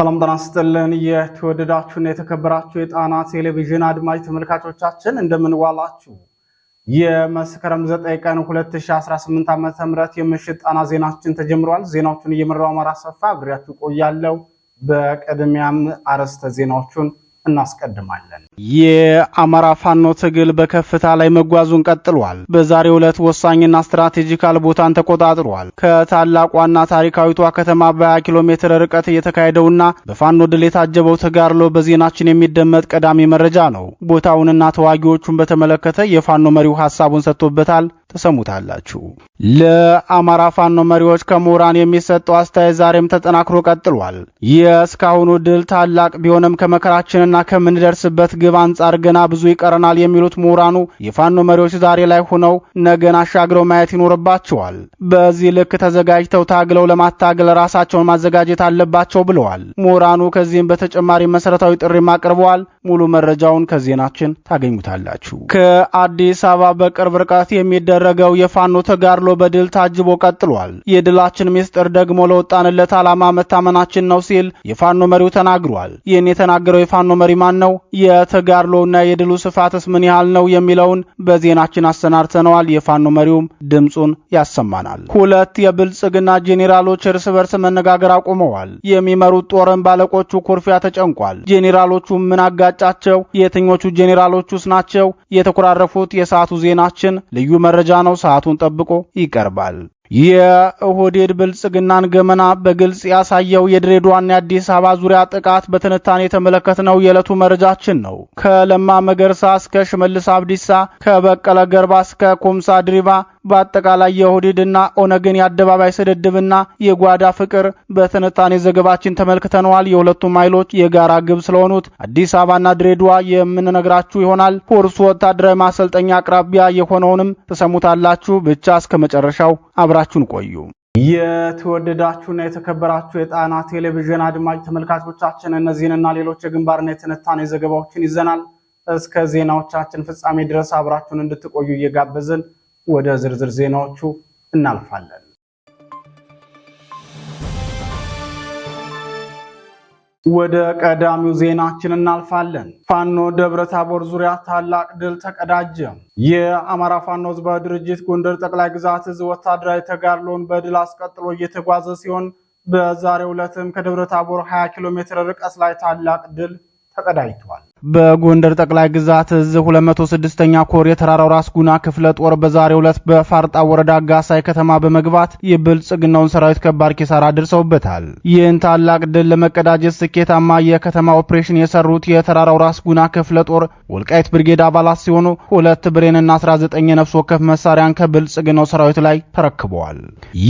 ሰላም ጤና ይስጥልን። የተወደዳችሁና የተከበራችሁ የጣና ቴሌቪዥን አድማጭ ተመልካቾቻችን እንደምንዋላችሁ። የመስከረም 9 ቀን 2018 ዓ.ም የምሽት ጣና ዜናችን ተጀምሯል። ዜናዎቹን እየመራው አማራ ሰፋ አብሬያችሁ ቆያለሁ። በቅድሚያም አርዕስተ ዜናዎቹን እናስቀድማለን። የአማራ ፋኖ ትግል በከፍታ ላይ መጓዙን ቀጥሏል። በዛሬው ዕለት ወሳኝና ስትራቴጂካል ቦታን ተቆጣጥሯል። ከታላቋና ታሪካዊቷ ከተማ በ20 ኪሎ ሜትር ርቀት የተካሄደውና በፋኖ ድል የታጀበው ተጋድሎ በዜናችን የሚደመጥ ቀዳሚ መረጃ ነው። ቦታውንና ተዋጊዎቹን በተመለከተ የፋኖ መሪው ሀሳቡን ሰጥቶበታል። ተሰሙታላችሁ። ለአማራ ፋኖ መሪዎች ከምሁራን የሚሰጠው አስተያየት ዛሬም ተጠናክሮ ቀጥሏል። የእስካሁኑ ድል ታላቅ ቢሆንም ከመከራችንና ከምንደርስበት ግብ አንጻር ገና ብዙ ይቀረናል የሚሉት ምሁራኑ የፋኖ መሪዎች ዛሬ ላይ ሆነው ነገን አሻግረው ማየት ይኖርባቸዋል። በዚህ ልክ ተዘጋጅተው ታግለው ለማታገል ራሳቸውን ማዘጋጀት አለባቸው ብለዋል ምሁራኑ። ከዚህም በተጨማሪ መሰረታዊ ጥሪም አቅርበዋል። ሙሉ መረጃውን ከዜናችን ታገኙታላችሁ። ከአዲስ አበባ በቅርብ ርቀት የሚደረገው የፋኖ ተጋድሎ በድል ታጅቦ ቀጥሏል። የድላችን ምስጢር ደግሞ ለወጣንለት ዓላማ መታመናችን ነው ሲል የፋኖ መሪው ተናግሯል። ይህን የተናገረው የፋኖ መሪ ማን ነው? የተጋድሎና የድሉ ስፋትስ ምን ያህል ነው? የሚለውን በዜናችን አሰናድተነዋል። የፋኖ መሪውም ድምፁን ያሰማናል። ሁለት የብልጽግና ጄኔራሎች እርስ በርስ መነጋገር አቁመዋል። የሚመሩት ጦርን ባለቆቹ ኩርፊያ ተጨንቋል። ጄኔራሎቹ ምን አጋ ያጋጫቸው የትኞቹ ጄኔራሎቹስ ናቸው የተኮራረፉት? የሰዓቱ ዜናችን ልዩ መረጃ ነው። ሰዓቱን ጠብቆ ይቀርባል። የኦህዴድ ብልጽግናን ገመና በግልጽ ያሳየው የድሬዳዋና የአዲስ አበባ ዙሪያ ጥቃት በትንታኔ የተመለከትነው የዕለቱ መረጃችን ነው። ከለማ መገርሳ እስከ ሽመልስ አብዲሳ፣ ከበቀለ ገርባ እስከ ኮምሳ ድሪባ በአጠቃላይ የኦህዴድና ኦነግን የአደባባይ ስድድብና የጓዳ ፍቅር በትንታኔ ዘገባችን ተመልክተነዋል። የሁለቱም ኃይሎች የጋራ ግብ ስለሆኑት አዲስ አበባና ድሬዳዋ የምንነግራችሁ ይሆናል። ፖርሱ ወታደራዊ ማሰልጠኛ አቅራቢያ የሆነውንም ትሰሙታላችሁ። ብቻ እስከ መጨረሻው አብራችሁን ቆዩ። የተወደዳችሁና የተከበራችሁ የጣና ቴሌቪዥን አድማጭ ተመልካቾቻችን እነዚህንና ሌሎች የግንባርና የትንታኔ ዘገባዎችን ይዘናል። እስከ ዜናዎቻችን ፍጻሜ ድረስ አብራችሁን እንድትቆዩ እየጋበዝን ወደ ዝርዝር ዜናዎቹ እናልፋለን። ወደ ቀዳሚው ዜናችን እናልፋለን። ፋኖ ደብረ ታቦር ዙሪያ ታላቅ ድል ተቀዳጀ። የአማራ ፋኖ ህዝባዊ ድርጅት ጎንደር ጠቅላይ ግዛት እዝ ወታደራዊ ተጋድሎን በድል አስቀጥሎ እየተጓዘ ሲሆን በዛሬው ዕለትም ከደብረ ታቦር 20 ኪሎ ሜትር ርቀት ላይ ታላቅ ድል ተቀዳጅቷል። በጎንደር ጠቅላይ ግዛት እዝ 206ኛ ኮር የተራራው ራስ ጉና ክፍለ ጦር በዛሬው ዕለት በፋርጣ ወረዳ ጋሳይ ከተማ በመግባት የብልጽግናውን ሰራዊት ከባድ ኪሳራ አድርሰውበታል። ይህን ታላቅ ድል ለመቀዳጀት ስኬታማ የከተማ ኦፕሬሽን የሰሩት የተራራው ራስ ጉና ክፍለ ጦር ወልቃይት ብርጌድ አባላት ሲሆኑ ሁለት ብሬንና 19 የነፍስ ወከፍ መሳሪያን ከብልጽግናው ሰራዊት ላይ ተረክበዋል።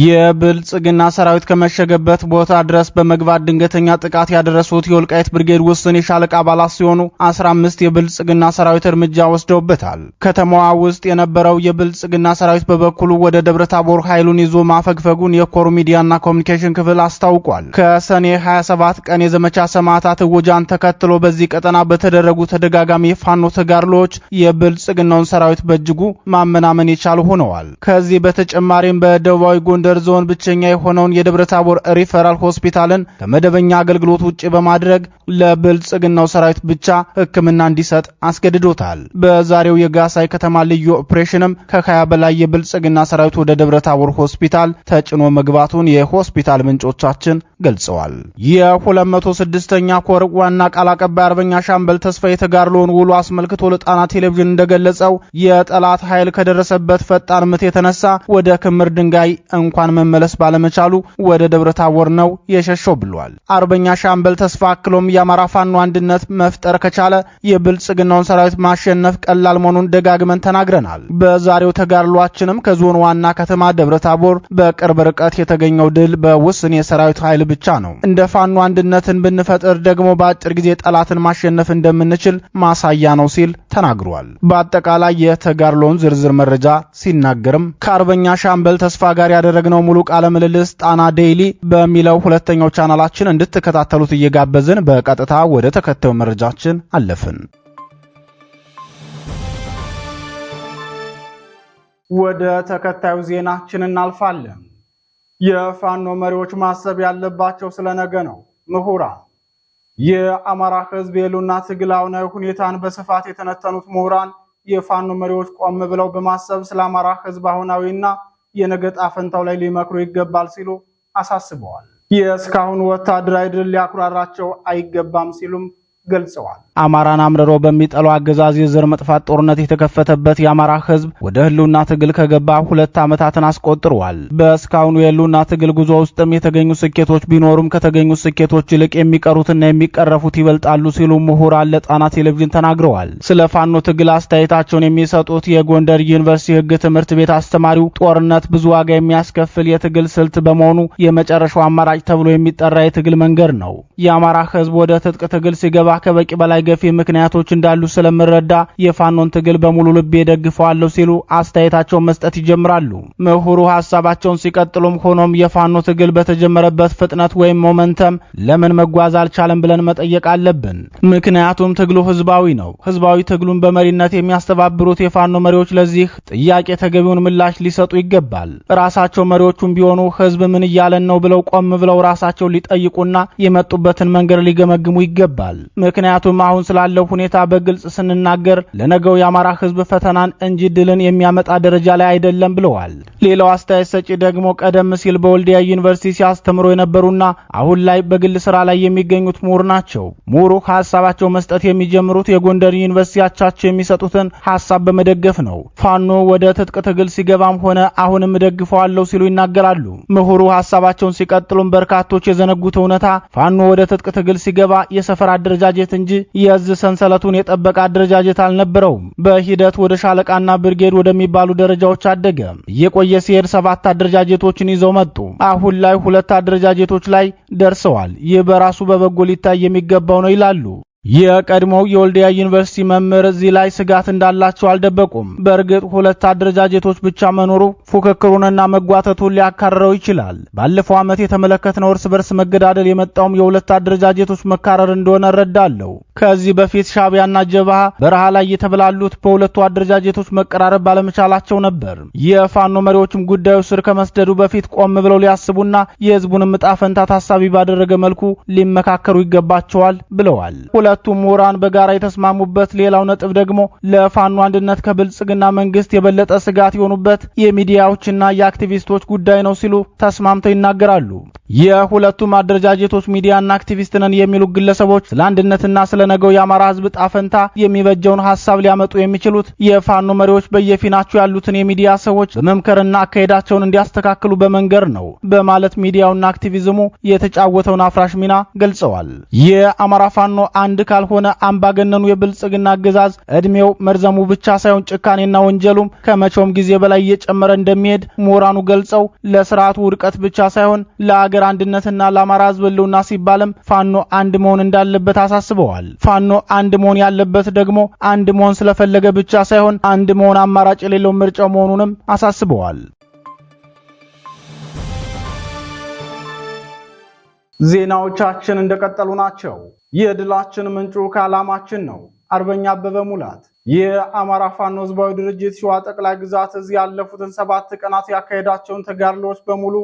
የብልጽግና ሰራዊት ከመሸገበት ቦታ ድረስ በመግባት ድንገተኛ ጥቃት ያደረሱት የወልቃይት ብርጌድ ውስን የሻለቃ አባላት ሲሆኑ 15 የብልጽግና ሰራዊት እርምጃ ወስደውበታል። ከተማዋ ውስጥ የነበረው የብልጽግና ሰራዊት በበኩሉ ወደ ደብረታቦር ኃይሉን ይዞ ማፈግፈጉን የኮር ሚዲያና ኮሚኒኬሽን ክፍል አስታውቋል። ከሰኔ 27 ቀን የዘመቻ ሰማዕታት እወጃን ተከትሎ በዚህ ቀጠና በተደረጉ ተደጋጋሚ የፋኖ ተጋድሎዎች የብልጽግናውን ሰራዊት በእጅጉ ማመናመን የቻሉ ሆነዋል። ከዚህ በተጨማሪም በደቡባዊ ጎንደር ዞን ብቸኛ የሆነውን የደብረታቦር ሪፈራል ሆስፒታልን ከመደበኛ አገልግሎት ውጭ በማድረግ ለብልጽግናው ሰራዊት ብቻ ሕክምና እንዲሰጥ አስገድዶታል። በዛሬው የጋሳይ ከተማ ልዩ ኦፕሬሽንም ከ በላይ የብልጽግና ሰራዊት ወደ ደብረ ታቦር ሆስፒታል ተጭኖ መግባቱን የሆስፒታል ምንጮቻችን ገልጸዋል። የ206ኛ ኮር ዋና ቃል አቀባይ አርበኛ ሻምበል ተስፋ የተጋድሎውን ውሎ አስመልክቶ ለጣና ቴሌቪዥን እንደገለጸው የጠላት ኃይል ከደረሰበት ፈጣን ምት የተነሳ ወደ ክምር ድንጋይ እንኳን መመለስ ባለመቻሉ ወደ ደብረ ታቦር ነው የሸሸው ብሏል። አርበኛ ሻምበል ተስፋ አክሎም የአማራ ፋኖ አንድነት መፍጠር ከቻለ የብልጽግናውን ሰራዊት ማሸነፍ ቀላል መሆኑን ደጋግመን ተናግረናል። በዛሬው ተጋድሏችንም ከዞን ዋና ከተማ ደብረ ታቦር በቅርብ ርቀት የተገኘው ድል በውስን የሰራዊት ኃይል ብቻ ነው። እንደ ፋኖ አንድነትን ብንፈጥር ደግሞ በአጭር ጊዜ ጠላትን ማሸነፍ እንደምንችል ማሳያ ነው ሲል ተናግሯል። በአጠቃላይ የተጋድሎውን ዝርዝር መረጃ ሲናገርም ከአርበኛ ሻምበል ተስፋ ጋር ያደረግነው ሙሉ ቃለ ምልልስ ጣና ዴይሊ በሚለው ሁለተኛው ቻናላችን እንድትከታተሉት እየጋበዝን በቀጥታ ወደ ተከታዩ መረጃችን አለፍን። ወደ ተከታዩ ዜናችን እናልፋለን። የፋኖ መሪዎች ማሰብ ያለባቸው ስለነገ ነው። ምሁራን የአማራ ህዝብ የሉና ትግል አሁናዊ ሁኔታን በስፋት የተነተኑት ምሁራን የፋኖ መሪዎች ቆም ብለው በማሰብ ስለ አማራ ህዝብ አሁናዊና የነገ ጣፈንታው ላይ ሊመክሩ ይገባል ሲሉ አሳስበዋል። የእስካሁን ወታደራዊ ድል ሊያኩራራቸው አይገባም ሲሉም ገልጸዋል። አማራን አምርሮ በሚጠላው አገዛዝ የዘር መጥፋት ጦርነት የተከፈተበት የአማራ ህዝብ ወደ ህልውና ትግል ከገባ ሁለት ዓመታትን አስቆጥሯል። በእስካሁኑ የህልውና ትግል ጉዞ ውስጥም የተገኙ ስኬቶች ቢኖሩም ከተገኙ ስኬቶች ይልቅ የሚቀሩትና የሚቀረፉት ይበልጣሉ ሲሉ ምሁራን ለጣና ቴሌቪዥን ተናግረዋል። ስለ ፋኖ ትግል አስተያየታቸውን የሚሰጡት የጎንደር ዩኒቨርሲቲ ህግ ትምህርት ቤት አስተማሪው ጦርነት ብዙ ዋጋ የሚያስከፍል የትግል ስልት በመሆኑ የመጨረሻው አማራጭ ተብሎ የሚጠራ የትግል መንገድ ነው። የአማራ ህዝብ ወደ ትጥቅ ትግል ሲገባ ከበቂ በላይ ገፊ ምክንያቶች እንዳሉ ስለምረዳ የፋኖን ትግል በሙሉ ልቤ ደግፈዋለሁ ሲሉ አስተያየታቸውን መስጠት ይጀምራሉ። ምሁሩ ሀሳባቸውን ሲቀጥሉም ሆኖም የፋኖ ትግል በተጀመረበት ፍጥነት ወይም ሞመንተም ለምን መጓዝ አልቻለም ብለን መጠየቅ አለብን። ምክንያቱም ትግሉ ህዝባዊ ነው። ህዝባዊ ትግሉን በመሪነት የሚያስተባብሩት የፋኖ መሪዎች ለዚህ ጥያቄ ተገቢውን ምላሽ ሊሰጡ ይገባል። ራሳቸው መሪዎቹም ቢሆኑ ህዝብ ምን እያለን ነው ብለው ቆም ብለው ራሳቸው ሊጠይቁና የመጡበትን መንገድ ሊገመግሙ ይገባል። ምክንያቱም አሁን ስላለው ሁኔታ በግልጽ ስንናገር ለነገው የአማራ ህዝብ ፈተናን እንጂ ድልን የሚያመጣ ደረጃ ላይ አይደለም ብለዋል። ሌላው አስተያየት ሰጪ ደግሞ ቀደም ሲል በወልዲያ ዩኒቨርሲቲ ሲያስተምሩ የነበሩና አሁን ላይ በግል ስራ ላይ የሚገኙት ምሁር ናቸው። ምሁሩ ሀሳባቸው መስጠት የሚጀምሩት የጎንደር ዩኒቨርሲቲ አቻቸው የሚሰጡትን ሀሳብ በመደገፍ ነው። ፋኖ ወደ ትጥቅ ትግል ሲገባም ሆነ አሁንም እደግፈዋለሁ ሲሉ ይናገራሉ። ምሁሩ ሀሳባቸውን ሲቀጥሉም በርካቶች የዘነጉት እውነታ ፋኖ ወደ ትጥቅ ትግል ሲገባ የሰፈር አደረጃ አደረጃጀት እንጂ የእዝ ሰንሰለቱን የጠበቀ አደረጃጀት አልነበረውም። በሂደት ወደ ሻለቃና ብርጌድ ወደሚባሉ ደረጃዎች አደገ። እየቆየ ሲሄድ ሰባት አደረጃጀቶችን ይዘው መጡ። አሁን ላይ ሁለት አደረጃጀቶች ላይ ደርሰዋል። ይህ በራሱ በበጎ ሊታይ የሚገባው ነው ይላሉ። የቀድሞው የወልዲያ ዩኒቨርሲቲ መምህር እዚህ ላይ ስጋት እንዳላቸው አልደበቁም። በእርግጥ ሁለት አደረጃጀቶች ብቻ መኖሩ ፉክክሩንና መጓተቱን ሊያካርረው ይችላል። ባለፈው ዓመት የተመለከትነው እርስ በርስ መገዳደል የመጣውም የሁለት አደረጃጀቶች መካረር እንደሆነ እረዳለሁ። ከዚህ በፊት ሻቢያና ጀብሃ በረሃ ላይ የተበላሉት በሁለቱ አደረጃጀቶች መቀራረብ ባለመቻላቸው ነበር። የፋኖ መሪዎችም ጉዳዩ ስር ከመስደዱ በፊት ቆም ብለው ሊያስቡና የህዝቡንም ምጣ ፈንታ ታሳቢ ባደረገ መልኩ ሊመካከሩ ይገባቸዋል ብለዋል። ሁለቱም ምሁራን በጋራ የተስማሙበት ሌላው ነጥብ ደግሞ ለፋኖ አንድነት ከብልጽግና መንግስት የበለጠ ስጋት የሆኑበት የሚዲያዎችና የአክቲቪስቶች ጉዳይ ነው ሲሉ ተስማምተው ይናገራሉ። የሁለቱም አደረጃጀቶች ሚዲያና አክቲቪስት ነን የሚሉ ግለሰቦች ስለ አንድነትና ስለ ለነገው የአማራ ህዝብ ጣፈንታ የሚበጀውን ሀሳብ ሊያመጡ የሚችሉት የፋኖ መሪዎች በየፊናቸው ያሉትን የሚዲያ ሰዎች በመምከርና አካሄዳቸውን እንዲያስተካክሉ በመንገር ነው በማለት ሚዲያውና አክቲቪዝሙ የተጫወተውን አፍራሽ ሚና ገልጸዋል። የአማራ ፋኖ አንድ ካልሆነ አምባገነኑ የብልጽግና አገዛዝ እድሜው መርዘሙ ብቻ ሳይሆን ጭካኔና ወንጀሉም ከመቼውም ጊዜ በላይ እየጨመረ እንደሚሄድ ምሁራኑ ገልጸው ለስርዓቱ ውድቀት ብቻ ሳይሆን ለአገር አንድነትና ለአማራ ህዝብ ህልውና ሲባልም ፋኖ አንድ መሆን እንዳለበት አሳስበዋል። ፋኖ አንድ መሆን ያለበት ደግሞ አንድ መሆን ስለፈለገ ብቻ ሳይሆን አንድ መሆን አማራጭ የሌለው ምርጫው መሆኑንም አሳስበዋል። ዜናዎቻችን እንደቀጠሉ ናቸው። የድላችን ምንጩ ከዓላማችን ነው። አርበኛ አበበ ሙላት የአማራ ፋኖ ህዝባዊ ድርጅት ሸዋ ጠቅላይ ግዛት እዚህ ያለፉትን ሰባት ቀናት ያካሄዳቸውን ተጋድሎዎች በሙሉ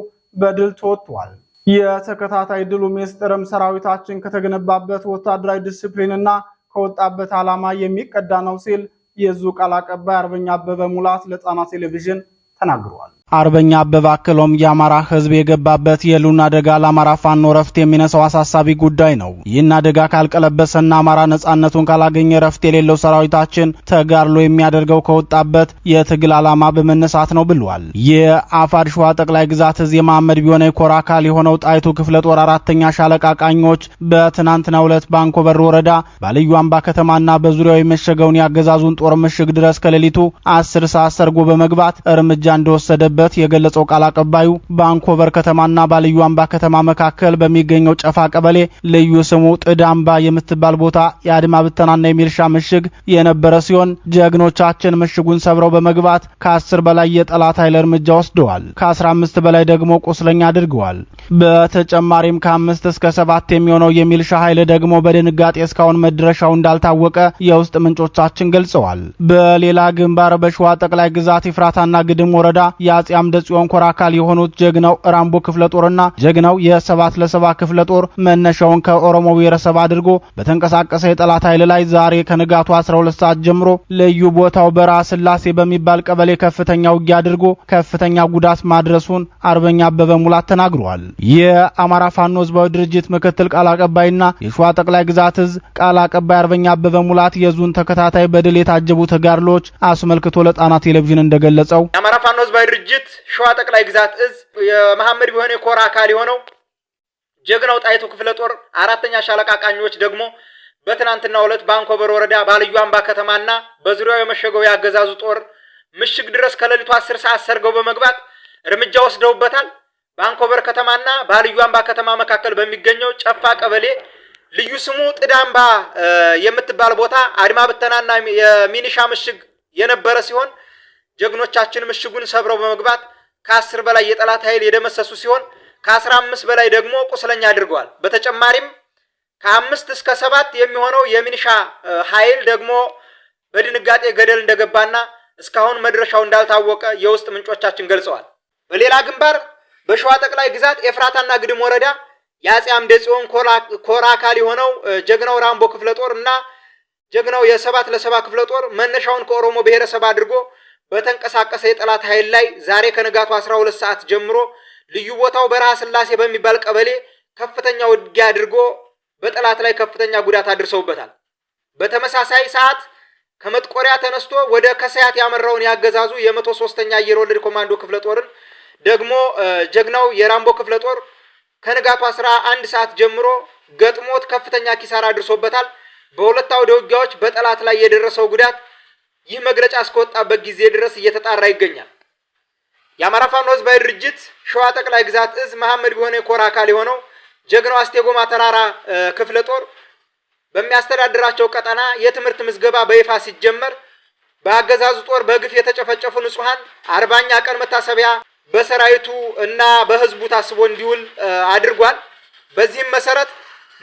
በድል ተወጥቷል። የተከታታይ ድሉ ምስጢርም ሰራዊታችን ከተገነባበት ወታደራዊ ዲስፕሊንና ከወጣበት ዓላማ የሚቀዳ ነው ሲል የዙ ቃል አቀባይ አርበኛ አበበ ሙላት ለጣና ቴሌቪዥን ተናግሯል። አርበኛ አበበ አክሎም የአማራ ህዝብ የገባበት የሉን አደጋ ለአማራ ፋኖ ረፍት የሚነሳው አሳሳቢ ጉዳይ ነው። ይህን አደጋ ካልቀለበሰና አማራ ነጻነቱን ካላገኘ ረፍት የሌለው ሰራዊታችን ተጋድሎ የሚያደርገው ከወጣበት የትግል ዓላማ በመነሳት ነው ብሏል። የአፋድ ሸዋ ጠቅላይ ግዛት እዝ የመሐመድ ቢሆነ ኮር አካል የሆነው ጣይቱ ክፍለ ጦር አራተኛ ሻለቃ ቃኞች በትናንትናው ዕለት ባንኮበር ወረዳ ባልዩ አምባ ከተማና በዙሪያው የመሸገውን የአገዛዙን ጦር ምሽግ ድረስ ከሌሊቱ አስር ሰዓት ሰርጎ በመግባት እርምጃ እንደወሰደ እንደደረሰበት የገለጸው ቃል አቀባዩ በአንኮበር ከተማና ባልዩ አምባ ከተማ መካከል በሚገኘው ጨፋ ቀበሌ ልዩ ስሙ ጥዳምባ የምትባል ቦታ የአድማ ብተናና የሚልሻ ምሽግ የነበረ ሲሆን ጀግኖቻችን ምሽጉን ሰብረው በመግባት ከአስር በላይ የጠላት ኃይል እርምጃ ወስደዋል። ከአስራ አምስት በላይ ደግሞ ቁስለኛ አድርገዋል። በተጨማሪም ከአምስት እስከ ሰባት የሚሆነው የሚልሻ ኃይል ደግሞ በድንጋጤ እስካሁን መድረሻው እንዳልታወቀ የውስጥ ምንጮቻችን ገልጸዋል። በሌላ ግንባር በሸዋ ጠቅላይ ግዛት ይፍራታና ግድም ወረዳ የአጼ አምደ ጽዮን ኮር አካል የሆኑት ጀግናው ራምቦ ክፍለ ጦርና ጀግናው የሰባት ለሰባ ክፍለ ጦር መነሻውን ከኦሮሞ ብሔረሰብ አድርጎ በተንቀሳቀሰ የጠላት ኃይል ላይ ዛሬ ከንጋቱ 12 ሰዓት ጀምሮ ልዩ ቦታው በረሃ ስላሴ በሚባል ቀበሌ ከፍተኛ ውጊያ አድርጎ ከፍተኛ ጉዳት ማድረሱን አርበኛ አበበ ሙላት ተናግሯል። የአማራ ፋኖ ህዝባዊ ድርጅት ምክትል ቃል አቀባይና የሸዋ ጠቅላይ ግዛት እዝ ቃል አቀባይ አርበኛ አበበ ሙላት የዙን ተከታታይ በድል የታጀቡ ተጋድሎች አስመልክቶ ለጣና ቴሌቪዥን እንደገለጸው የአማራ ህዝባዊ ድርጅት ሸዋ ጠቅላይ ግዛት እዝ የመሐመድ ቢሆን የኮራ አካል የሆነው ጀግናው ጣይቱ ክፍለ ጦር አራተኛ ሻለቃ ቃኞች ደግሞ በትናንትናው ዕለት በአንኮበር ወረዳ ባልዩ አምባ ከተማና በዙሪያው የመሸገው የአገዛዙ ጦር ምሽግ ድረስ ከሌሊቱ አስር ሰዓት ሰርገው በመግባት እርምጃ ወስደውበታል። በአንኮበር ከተማና ባልዩ አምባ ከተማ መካከል በሚገኘው ጨፋ ቀበሌ ልዩ ስሙ ጥዳምባ የምትባል ቦታ አድማ ብተናና የሚኒሻ ምሽግ የነበረ ሲሆን ጀግኖቻችን ምሽጉን ሰብረው በመግባት ከአስር በላይ የጠላት ኃይል የደመሰሱ ሲሆን ከአስራ አምስት በላይ ደግሞ ቁስለኛ አድርገዋል። በተጨማሪም ከአምስት እስከ ሰባት የሚሆነው የሚኒሻ ኃይል ደግሞ በድንጋጤ ገደል እንደገባና እስካሁን መድረሻው እንዳልታወቀ የውስጥ ምንጮቻችን ገልጸዋል። በሌላ ግንባር በሸዋ ጠቅላይ ግዛት ኤፍራታና ግድም ወረዳ የአጼ አምደ ጽዮን ኮራ አካል የሆነው ጀግናው ራምቦ ክፍለ ጦር እና ጀግናው የሰባት ለሰባ ክፍለ ጦር መነሻውን ከኦሮሞ ብሔረሰብ አድርጎ በተንቀሳቀሰ የጠላት ኃይል ላይ ዛሬ ከንጋቱ 12 ሰዓት ጀምሮ ልዩ ቦታው በረሃ ስላሴ በሚባል ቀበሌ ከፍተኛ ውጊያ አድርጎ በጠላት ላይ ከፍተኛ ጉዳት አድርሰውበታል። በተመሳሳይ ሰዓት ከመጥቆሪያ ተነስቶ ወደ ከሰያት ያመራውን ያገዛዙ የመቶ ሶስተኛ አየር ወለድ ኮማንዶ ክፍለ ጦርን ደግሞ ጀግናው የራምቦ ክፍለ ጦር ከንጋቱ 11 ሰዓት ጀምሮ ገጥሞት ከፍተኛ ኪሳራ አድርሶበታል። በሁለት አውደ ውጊያዎች በጠላት ላይ የደረሰው ጉዳት ይህ መግለጫ እስከወጣበት ጊዜ ድረስ እየተጣራ ይገኛል። የአማራ ፋኖ ህዝባዊ ድርጅት ሸዋ ጠቅላይ ግዛት እዝ መሐመድ ቢሆነ የኮር አካል የሆነው ጀግናው አስቴጎማ ተራራ ክፍለ ጦር በሚያስተዳድራቸው ቀጠና የትምህርት ምዝገባ በይፋ ሲጀመር በአገዛዙ ጦር በግፍ የተጨፈጨፉ ንጹሐን አርባኛ ቀን መታሰቢያ በሰራዊቱ እና በህዝቡ ታስቦ እንዲውል አድርጓል። በዚህም መሰረት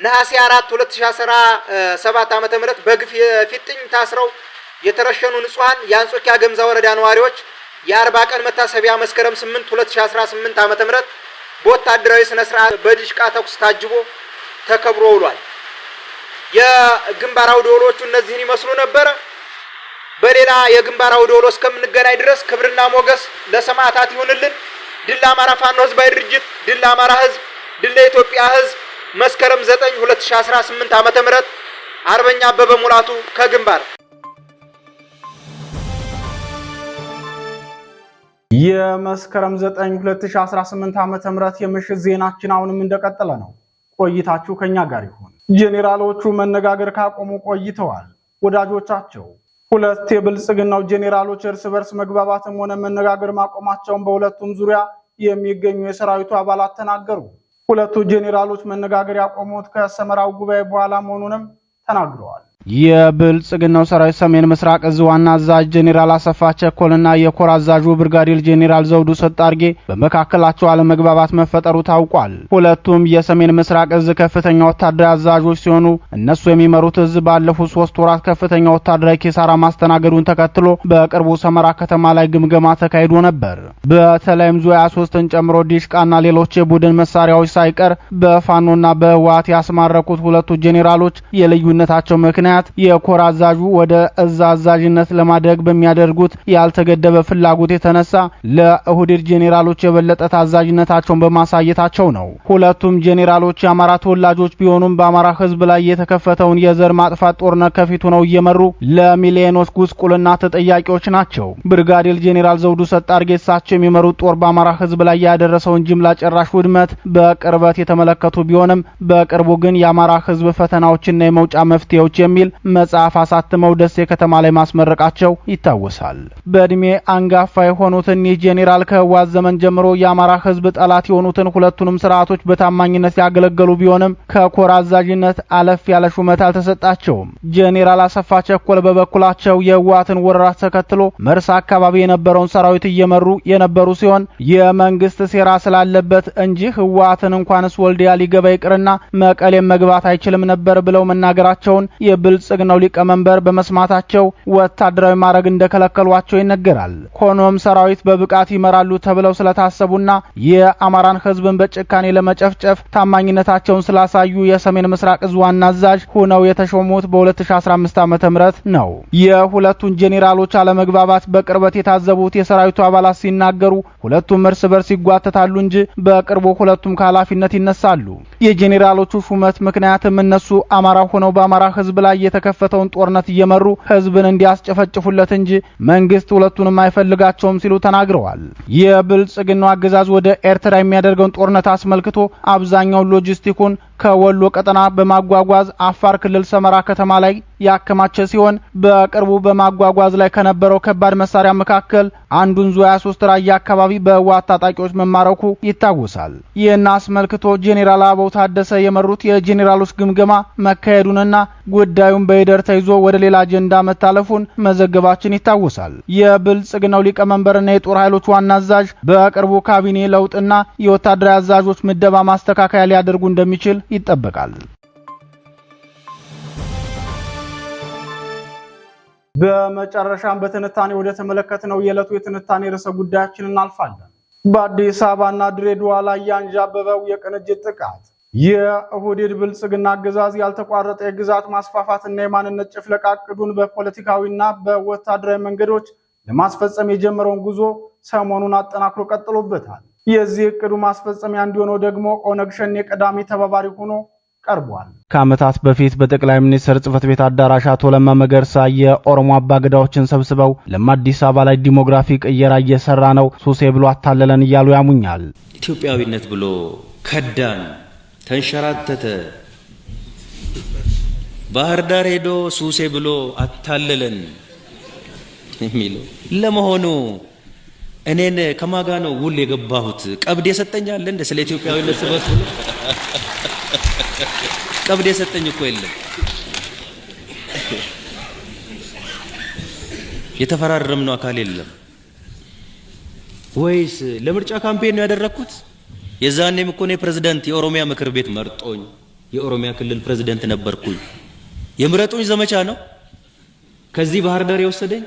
ነሐሴ 4 2017 ዓ.ም በግፍ የፊጥኝ ታስረው የተረሸኑ ንጹሐን የአንጾኪያ ገምዛ ወረዳ ነዋሪዎች የአርባ ቀን መታሰቢያ መስከረም 8 2018 ዓ.ም በወታደራዊ ስነ ስርዓት በድሽቃ ተኩስ ታጅቦ ተከብሮ ውሏል። የግንባር አውደ ውሎቹ እነዚህን ይመስሉ ነበረ። በሌላ የግንባር አውደ ውሎ እስከምንገናኝ ድረስ ክብርና ሞገስ ለሰማዕታት ይሁንልን። ድል አማራ ፋኖ ህዝባዊ ድርጅት፣ ድል አማራ ህዝብ፣ ድል ለኢትዮጵያ ህዝብ። መስከረም 9 2018 ዓ.ም አርበኛ አበበ ሙላቱ ከግንባር የመስከረም 9 2018 ዓ.ም የምሽት ዜናችን አሁንም እንደቀጠለ ነው። ቆይታችሁ ከኛ ጋር ይሁን። ጄኔራሎቹ መነጋገር ካቆሙ ቆይተዋል። ወዳጆቻቸው ሁለት የብልጽግናው ጄኔራሎች እርስ በርስ መግባባትም ሆነ መነጋገር ማቆማቸውን በሁለቱም ዙሪያ የሚገኙ የሰራዊቱ አባላት ተናገሩ። ሁለቱ ጄኔራሎች መነጋገር ያቆሙት ከሰመራው ጉባኤ በኋላ መሆኑንም ተናግረዋል። የብልጽግናው ሰራዊት ሰሜን ምስራቅ እዝ ዋና አዛዥ ጄኔራል አሰፋ ቸኮልና የኮር አዛዡ ብርጋዴር ጄኔራል ዘውዱ ሰጣርጌ በመካከላቸው አለመግባባት መፈጠሩ ታውቋል። ሁለቱም የሰሜን ምስራቅ እዝ ከፍተኛ ወታደራዊ አዛዦች ሲሆኑ እነሱ የሚመሩት እዝ ባለፉት ሶስት ወራት ከፍተኛ ወታደራዊ ኪሳራ ማስተናገዱን ተከትሎ በቅርቡ ሰመራ ከተማ ላይ ግምገማ ተካሂዶ ነበር። በተለይም ዙ 23ን ጨምሮ ዲሽቃና ሌሎች የቡድን መሳሪያዎች ሳይቀር በፋኖና በህወሓት ያስማረኩት ሁለቱ ጄኔራሎች የልዩነታቸው ምክንያት ምክንያት የኮር አዛዡ ወደ እዝ አዛዥነት ለማደግ በሚያደርጉት ያልተገደበ ፍላጎት የተነሳ ለእሁድር ጄኔራሎች የበለጠ ታዛዥነታቸውን በማሳየታቸው ነው። ሁለቱም ጄኔራሎች የአማራ ተወላጆች ቢሆኑም በአማራ ሕዝብ ላይ የተከፈተውን የዘር ማጥፋት ጦርነት ከፊቱ ነው እየመሩ ለሚሊዮኖች ጉስቁልና ተጠያቂዎች ናቸው። ብርጋዴር ጄኔራል ዘውዱ ሰጥ የሚመሩት ጦር በአማራ ሕዝብ ላይ ያደረሰውን ጅምላ ጨራሽ ውድመት በቅርበት የተመለከቱ ቢሆንም በቅርቡ ግን የአማራ ሕዝብ ፈተናዎችና የመውጫ መፍትሄዎች የሚል የሚል መጽሐፍ አሳትመው ደሴ ከተማ ላይ ማስመረቃቸው ይታወሳል። በእድሜ አንጋፋ የሆኑትን ይህ ጄኔራል ከህወሓት ዘመን ጀምሮ የአማራ ህዝብ ጠላት የሆኑትን ሁለቱንም ስርዓቶች በታማኝነት ያገለገሉ ቢሆንም ከኮር አዛዥነት አለፍ ያለ ሹመት አልተሰጣቸውም። ጄኔራል አሰፋ ቸኮል በበኩላቸው የህወሓትን ወረራት ተከትሎ መርሳ አካባቢ የነበረውን ሰራዊት እየመሩ የነበሩ ሲሆን የመንግስት ሴራ ስላለበት እንጂ ህወሓትን እንኳንስ ወልዲያ ሊገባ ይቅርና መቀሌም መግባት አይችልም ነበር ብለው መናገራቸውን የብል የብልጽግናው ሊቀመንበር በመስማታቸው ወታደራዊ ማረግ እንደከለከሏቸው ይነገራል። ሆኖም ሰራዊት በብቃት ይመራሉ ተብለው ስለታሰቡና የአማራን ህዝብን በጭካኔ ለመጨፍጨፍ ታማኝነታቸውን ስላሳዩ የሰሜን ምስራቅ እዝ ዋና አዛዥ ሆነው የተሾሙት በ2015 ዓ.ም ነው። የሁለቱን ጄኔራሎች አለመግባባት በቅርበት የታዘቡት የሰራዊቱ አባላት ሲናገሩ ሁለቱም እርስ በርስ ይጓተታሉ እንጂ በቅርቡ ሁለቱም ከኃላፊነት ይነሳሉ። የጄኔራሎቹ ሹመት ምክንያትም እነሱ አማራ ሆነው በአማራ ህዝብ ላይ የተከፈተውን ጦርነት እየመሩ ህዝብን እንዲያስጨፈጭፉለት እንጂ መንግስት ሁለቱንም አይፈልጋቸውም ሲሉ ተናግረዋል። የብልጽግናው አገዛዝ ወደ ኤርትራ የሚያደርገውን ጦርነት አስመልክቶ አብዛኛውን ሎጂስቲኩን ከወሎ ቀጠና በማጓጓዝ አፋር ክልል ሰመራ ከተማ ላይ ያከማቸ ሲሆን በቅርቡ በማጓጓዝ ላይ ከነበረው ከባድ መሳሪያ መካከል አንዱን ዙ 23 ራያ አካባቢ በህወሓት ታጣቂዎች መማረኩ ይታወሳል። ይህን አስመልክቶ ጄኔራል አበባው ታደሰ የመሩት የጄኔራሎች ግምገማ መካሄዱንና ጉዳዩን በሂደር ተይዞ ወደ ሌላ አጀንዳ መታለፉን መዘገባችን ይታወሳል። የብልጽግናው ሊቀመንበርና የጦር ኃይሎች ዋና አዛዥ በቅርቡ ካቢኔ ለውጥና የወታደራዊ አዛዦች ምደባ ማስተካከያ ሊያደርጉ እንደሚችል ይጠበቃል። በመጨረሻም በትንታኔ ወደ ነው የዕለቱ የትንታኔ ርዕሰ ጉዳያችን እናልፋለን። በአዲስ አበባና ድሬድዋ ላይ ያንዣበበው የቅንጅት ጥቃት የኦህዴድ ብልጽግና አገዛዝ ያልተቋረጠ የግዛት ማስፋፋትና የማንነት ጭፍለቃ እቅዱን በፖለቲካዊና በወታደራዊ መንገዶች ለማስፈጸም የጀመረውን ጉዞ ሰሞኑን አጠናክሮ ቀጥሎበታል። የዚህ እቅዱ ማስፈጸሚያ እንዲሆነው ደግሞ ኦነግ ሸኔ ቀዳሚ ተባባሪ ሆኖ ቀርቧል። ከዓመታት በፊት በጠቅላይ ሚኒስትር ጽህፈት ቤት አዳራሽ አቶ ለማ መገርሳ የኦሮሞ አባገዳዎችን ሰብስበው ለማ አዲስ አበባ ላይ ዲሞግራፊ ቅየራ እየሰራ ነው፣ ሱሴ ብሎ አታለለን እያሉ ያሙኛል። ኢትዮጵያዊነት ብሎ ከዳን፣ ተንሸራተተ። ባህር ዳር ሄዶ ሱሴ ብሎ አታለለን የሚለው ለመሆኑ እኔን ከማጋ ነው ውል የገባሁት? ቀብድ የሰጠኝ አለ እንደ ስለ ኢትዮጵያዊነት ስበት ቀብድ የሰጠኝ እኮ የለም። የተፈራረምነው አካል የለም። ወይስ ለምርጫ ካምፔን ነው ያደረግኩት? የዛኔም እኮ እኔ ፕሬዝዳንት የኦሮሚያ ምክር ቤት መርጦኝ የኦሮሚያ ክልል ፕሬዝዳንት ነበርኩኝ። የምረጡኝ ዘመቻ ነው ከዚህ ባህር ዳር የወሰደኝ።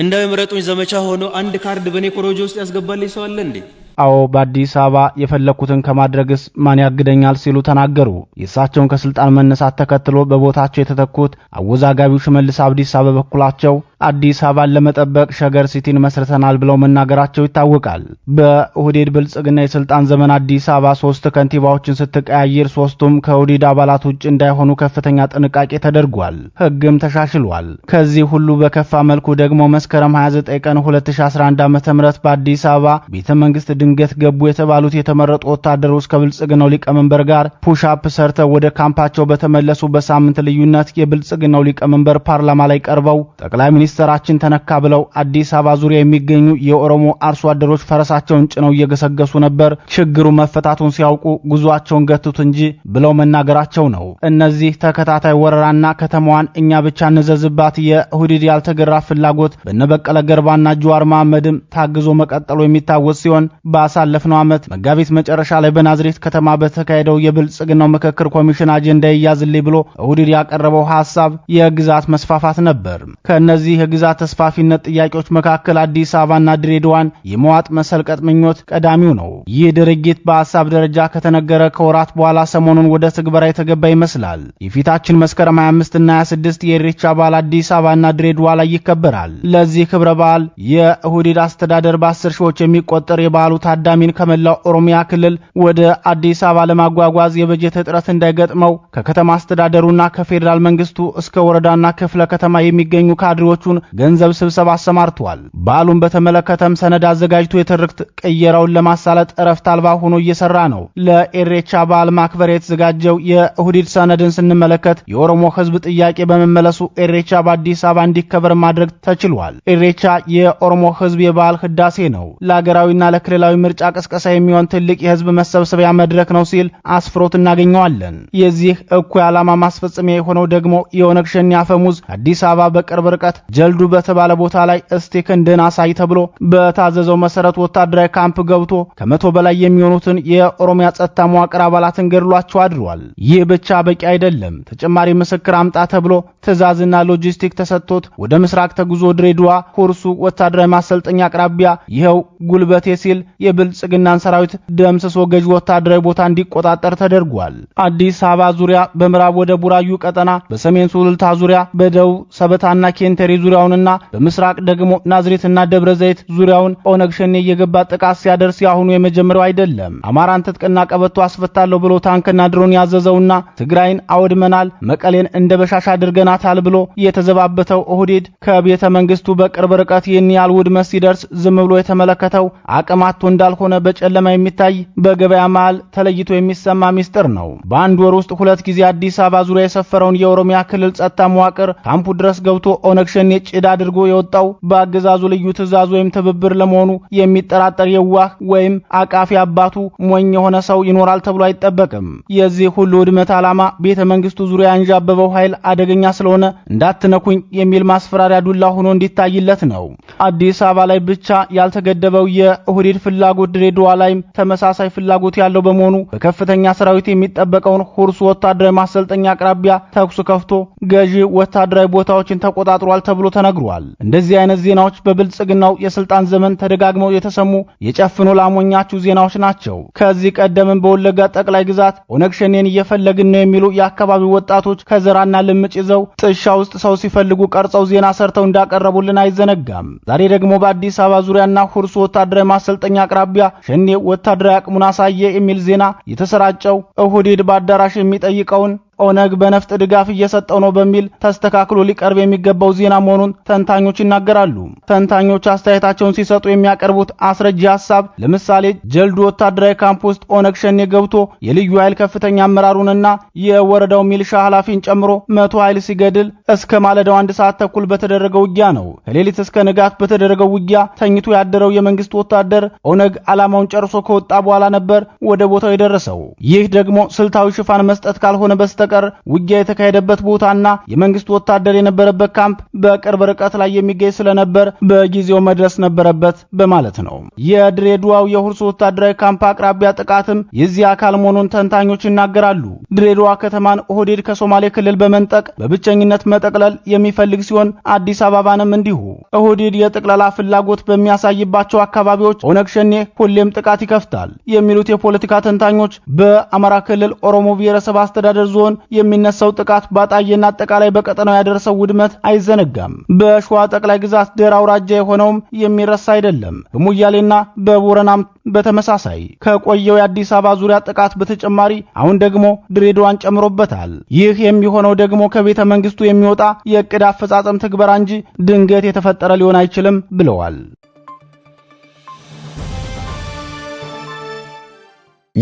እንደ ምረጡኝ ዘመቻ ሆኖ አንድ ካርድ በእኔ ኮሮጆ ውስጥ ያስገባልኝ ሰው አለ እንዴ? አዎ በአዲስ አበባ የፈለግኩትን ከማድረግስ ማን ያግደኛል ሲሉ ተናገሩ። የእሳቸውን ከስልጣን መነሳት ተከትሎ በቦታቸው የተተኩት አወዛጋቢው ሽመልስ አብዲሳ በበኩላቸው አዲስ አበባን ለመጠበቅ ሸገር ሲቲን መስርተናል ብለው መናገራቸው ይታወቃል። በኦህዴድ ብልጽግና የስልጣን ዘመን አዲስ አበባ ሶስት ከንቲባዎችን ስትቀያይር ሶስቱም ከኦህዴድ አባላት ውጭ እንዳይሆኑ ከፍተኛ ጥንቃቄ ተደርጓል። ህግም ተሻሽሏል። ከዚህ ሁሉ በከፋ መልኩ ደግሞ መስከረም 29 ቀን 2011 ዓ.ም በአዲስ አበባ ቤተ መንግስት ድንገት ገቡ የተባሉት የተመረጡ ወታደሮች ከብልጽግናው ሊቀመንበር ጋር ፑሻፕ ሰርተው ወደ ካምፓቸው በተመለሱ በሳምንት ልዩነት የብልጽግናው ሊቀመንበር ፓርላማ ላይ ቀርበው ጠቅላይ ሚኒስ ሚኒስተራችን ተነካ ብለው አዲስ አበባ ዙሪያ የሚገኙ የኦሮሞ አርሶ አደሮች ፈረሳቸውን ጭነው እየገሰገሱ ነበር። ችግሩ መፈታቱን ሲያውቁ ጉዟቸውን ገቱት እንጂ ብለው መናገራቸው ነው። እነዚህ ተከታታይ ወረራና ከተማዋን እኛ ብቻ እንዘዝባት የሁዲድ ያልተገራ ፍላጎት በነበቀለ ገርባና ጀዋር መሐመድም ታግዞ መቀጠሉ የሚታወስ ሲሆን ባሳለፍነው ዓመት መጋቢት መጨረሻ ላይ በናዝሬት ከተማ በተካሄደው የብልጽግናው ምክክር ኮሚሽን አጀንዳ ይያዝልኝ ብሎ ሁዲድ ያቀረበው ሐሳብ የግዛት መስፋፋት ነበር። ከእነዚህ የግዛት ተስፋፊነት ጥያቄዎች መካከል አዲስ አበባና ድሬዳዋን የመዋጥ መሰልቀጥ ምኞት ቀዳሚው ነው። ይህ ድርጊት በሀሳብ ደረጃ ከተነገረ ከወራት በኋላ ሰሞኑን ወደ ትግበራ የተገባ ይመስላል። የፊታችን መስከረም 25 እና 26 የኢሬቻ በዓል አዲስ አበባና ድሬዳዋ ላይ ይከበራል። ለዚህ ክብረ በዓል የኦህዴድ አስተዳደር በአስር ሺዎች የሚቆጠር የበዓሉ ታዳሚን ከመላው ኦሮሚያ ክልል ወደ አዲስ አበባ ለማጓጓዝ የበጀት እጥረት እንዳይገጥመው ከከተማ አስተዳደሩና ከፌዴራል መንግስቱ እስከ ወረዳና ክፍለ ከተማ የሚገኙ ካድሬዎቹ የራሱን ገንዘብ ስብሰባ አሰማርተዋል። በዓሉን በተመለከተም ሰነድ አዘጋጅቶ የትርክት ቅየራውን ለማሳለጥ እረፍት አልባ ሆኖ እየሰራ ነው። ለኤሬቻ በዓል ማክበር የተዘጋጀው የእሁዲድ ሰነድን ስንመለከት የኦሮሞ ህዝብ ጥያቄ በመመለሱ ኤሬቻ በአዲስ አበባ እንዲከበር ማድረግ ተችሏል። ኤሬቻ የኦሮሞ ህዝብ የበዓል ህዳሴ ነው። ለሀገራዊና ለክልላዊ ምርጫ ቅስቀሳ የሚሆን ትልቅ የህዝብ መሰብሰቢያ መድረክ ነው ሲል አስፍሮት እናገኘዋለን። የዚህ እኩይ ዓላማ ማስፈጸሚያ የሆነው ደግሞ የኦነግ ሸኔ አፈሙዝ አዲስ አበባ በቅርብ ርቀት ጀልዱ በተባለ ቦታ ላይ እስቴ ክንድህን አሳይ ተብሎ በታዘዘው መሰረት ወታደራዊ ካምፕ ገብቶ ከመቶ በላይ የሚሆኑትን የኦሮሚያ ጸጥታ መዋቅር አባላትን ገድሏቸው አድሯል። ይህ ብቻ በቂ አይደለም። ተጨማሪ ምስክር አምጣ ተብሎ ትዕዛዝና ሎጂስቲክ ተሰጥቶት ወደ ምስራቅ ተጉዞ ድሬድዋ ኮርሱ ወታደራዊ ማሰልጠኛ አቅራቢያ ይኸው ጉልበቴ ሲል የብልጽግናን ሰራዊት ደምስሶ ገዥ ወታደራዊ ቦታ እንዲቆጣጠር ተደርጓል። አዲስ አበባ ዙሪያ፣ በምዕራብ ወደ ቡራዩ ቀጠና፣ በሰሜን ሱሉልታ ዙሪያ፣ በደቡብ ሰበታና ኬንቴሪ ዙሪያውንና በምስራቅ ደግሞ ናዝሬትና ደብረ ዘይት ዙሪያውን ኦነግ ሸኔ እየገባ ጥቃት ሲያደርስ ያሁኑ የመጀመሪያው አይደለም። አማራን ትጥቅና ቀበቶ አስፈታለሁ ብሎ ታንክና ድሮን ያዘዘውና ትግራይን አወድመናል፣ መቀሌን እንደ በሻሻ አድርገናታል ብሎ የተዘባበተው ኦህዴድ ከቤተ መንግስቱ በቅርብ ርቀት ይህን ያህል ውድመት ሲደርስ ዝም ብሎ የተመለከተው አቅም አጥቶ እንዳልሆነ በጨለማ የሚታይ በገበያ መሃል ተለይቶ የሚሰማ ሚስጥር ነው። በአንድ ወር ውስጥ ሁለት ጊዜ አዲስ አበባ ዙሪያ የሰፈረውን የኦሮሚያ ክልል ጸጥታ መዋቅር ካምፑ ድረስ ገብቶ ኦነግ ሸኔ ይህንን ጭድ አድርጎ የወጣው በአገዛዙ ልዩ ትእዛዝ ወይም ትብብር ለመሆኑ የሚጠራጠር የዋህ ወይም አቃፊ አባቱ ሞኝ የሆነ ሰው ይኖራል ተብሎ አይጠበቅም። የዚህ ሁሉ ውድመት ዓላማ ቤተ መንግስቱ ዙሪያ ያንዣበበው ኃይል አደገኛ ስለሆነ እንዳትነኩኝ የሚል ማስፈራሪያ ዱላ ሆኖ እንዲታይለት ነው። አዲስ አበባ ላይ ብቻ ያልተገደበው የኦህዴድ ፍላጎት ድሬዳዋ ላይም ተመሳሳይ ፍላጎት ያለው በመሆኑ በከፍተኛ ሰራዊት የሚጠበቀውን ሁርሱ ወታደራዊ ማሰልጠኛ አቅራቢያ ተኩስ ከፍቶ ገዢ ወታደራዊ ቦታዎችን ተቆጣጥሯል ተብሎ ተብሎ ተነግሯል። እንደዚህ አይነት ዜናዎች በብልጽግናው የስልጣን ዘመን ተደጋግመው የተሰሙ የጨፍኖ ላሞኛችሁ ዜናዎች ናቸው። ከዚህ ቀደምም በወለጋ ጠቅላይ ግዛት ኦነግ ሸኔን እየፈለግን ነው የሚሉ የአካባቢው ወጣቶች ከዘራና ልምጭ ይዘው ጥሻ ውስጥ ሰው ሲፈልጉ ቀርጸው ዜና ሰርተው እንዳቀረቡልን አይዘነጋም። ዛሬ ደግሞ በአዲስ አበባ ዙሪያና ሁርሶ ወታደራዊ ማሰልጠኛ አቅራቢያ ሸኔ ወታደራዊ አቅሙን አሳየ የሚል ዜና የተሰራጨው እሁድድ በአዳራሽ የሚጠይቀውን ኦነግ በነፍጥ ድጋፍ እየሰጠው ነው በሚል ተስተካክሎ ሊቀርብ የሚገባው ዜና መሆኑን ተንታኞች ይናገራሉ። ተንታኞች አስተያየታቸውን ሲሰጡ የሚያቀርቡት አስረጂ ሀሳብ ለምሳሌ ጀልዱ ወታደራዊ ካምፕ ውስጥ ኦነግ ሸኔ ገብቶ የልዩ ኃይል ከፍተኛ አመራሩንና የወረዳው ሚልሻ ኃላፊን ጨምሮ መቶ ኃይል ሲገድል እስከ ማለዳው አንድ ሰዓት ተኩል በተደረገው ውጊያ ነው። ከሌሊት እስከ ንጋት በተደረገው ውጊያ ተኝቶ ያደረው የመንግስት ወታደር ኦነግ ዓላማውን ጨርሶ ከወጣ በኋላ ነበር ወደ ቦታው የደረሰው። ይህ ደግሞ ስልታዊ ሽፋን መስጠት ካልሆነ በስተቀር በስተቀር ውጊያ የተካሄደበት ቦታና የመንግስት ወታደር የነበረበት ካምፕ በቅርብ ርቀት ላይ የሚገኝ ስለነበር በጊዜው መድረስ ነበረበት በማለት ነው። የድሬዳዋው የሁርሶ ወታደራዊ ካምፕ አቅራቢያ ጥቃትም የዚህ አካል መሆኑን ተንታኞች ይናገራሉ። ድሬዳዋ ከተማን ኦህዴድ ከሶማሌ ክልል በመንጠቅ በብቸኝነት መጠቅለል የሚፈልግ ሲሆን አዲስ አበባንም እንዲሁ። ኦህዴድ የጠቅላላ ፍላጎት በሚያሳይባቸው አካባቢዎች ኦነግ ሸኔ ሁሌም ጥቃት ይከፍታል የሚሉት የፖለቲካ ተንታኞች በአማራ ክልል ኦሮሞ ብሔረሰብ አስተዳደር ዞን የሚነሳው ጥቃት ባጣዬና አጠቃላይ በቀጠናው ያደረሰው ውድመት አይዘነጋም። በሸዋ ጠቅላይ ግዛት ደር አውራጃ የሆነውም የሚረሳ አይደለም። በሙያሌና በቦረናም በተመሳሳይ ከቆየው የአዲስ አበባ ዙሪያ ጥቃት በተጨማሪ አሁን ደግሞ ድሬዳዋን ጨምሮበታል። ይህ የሚሆነው ደግሞ ከቤተ መንግስቱ የሚወጣ የእቅድ አፈጻጸም ትግበራ እንጂ ድንገት የተፈጠረ ሊሆን አይችልም ብለዋል።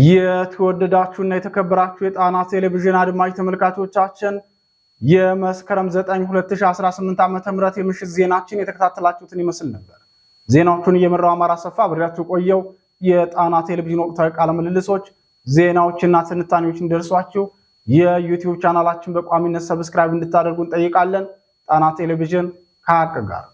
የተወደዳችሁና የተከበራችሁ የጣና ቴሌቪዥን አድማጭ ተመልካቾቻችን የመስከረም 9 2018 ዓ.ም የምሽት ዜናችን የተከታተላችሁትን ይመስል ነበር። ዜናዎቹን እየመራው አማራ ሰፋ አብሬያችሁ ቆየው። የጣና ቴሌቪዥን ወቅታዊ ቃለ ምልልሶች፣ ዜናዎችና ትንታኔዎች እንደርሷችሁ የዩቲዩብ ቻናላችን በቋሚነት ሰብስክራይብ እንድታደርጉ እንጠይቃለን። ጣና ቴሌቪዥን ከሀቅ ጋር